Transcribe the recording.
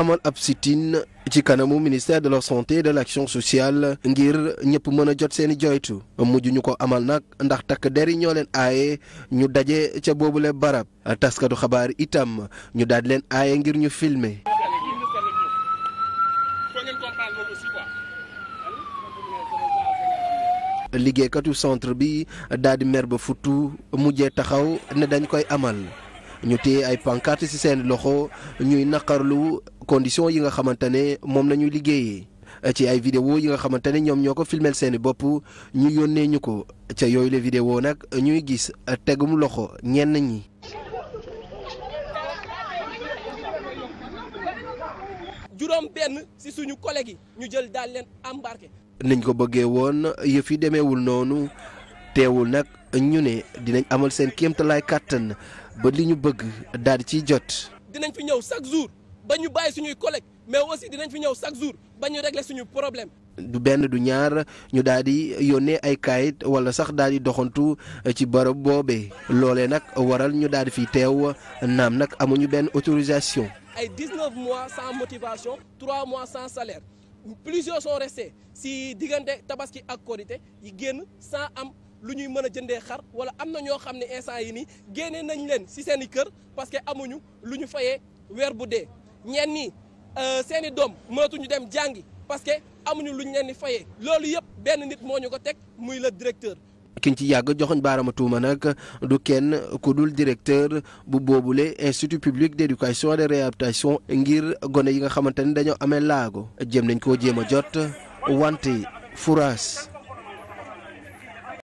amal ab sitin in ci kanamu ministère de la santé et de l'action sociale ngir ñëpp mën a jot seeni joytu mujj ñu ko amal nag ndax takk der yi ñoo leen aaye ñu daje ca boobule barab taskatu xabaar itam ñu daal di leen aaye ngir ñu filme liggéeykatu centre bi daal di mer ba futtu mujjee taxaw ne dañ koy amal. ñu téye ay pancarte ci seen loxo ñuy naqarlu condition yi nga xamante ne moom la ñuy liggéeyee ci ay vidéo yi nga xamante ne ñoom ñoo ko filmeel seeni bopp ñu yónnee ñu ko ca yooyu la vidéo nag ñuy gis tegum loxo ñenn ñi. juróom benn ci suñu collègue ñu jël daal leen embarqué. niñ ko bëggee woon yëf yi demeewul noonu. teewul nag ñu ne dinañ amal seen kéemtalaay kàttan ba li ñu bëgg daal di ciy jot. dinañ fi ñëw chaque jour ba ñu bàyyi suñuy collègue mais aussi dinañ fi ñëw chaque jour ba ñu régler suñu problème. du benn du ñaar ñu daal di yónnee ay kaayit wala sax daal di doxantu ci barab boobe loole nag waral ñu daal di fi teew naam nag amuñu benn autorisation. ay 19 mois sans motivation 3 mois sans salaire plusieurs sont restés si diggante tabaski ak korité yi génn sans am. lu ñuy mën a jëndee xar wala am na ñoo xam ne instant yi nii génnee nañ leen si seen i kër parce que amuñu lu ñu fayee weer bu dee ñenn ñi euh, seen i doom mënatuñu dem jàngi parce que amuñu luñ leen di fayee loolu yëpp benn nit moo ñu ko teg muy la directeur. kiñ ci yàgg joxuñ baarama tuuma nag du kenn ku dul directeur bu boobule institut public d' éducation et de réhabilitation ngir gone yi nga xamante ni dañoo amee laago jéem nañ koo jéem a jot wante yi furaas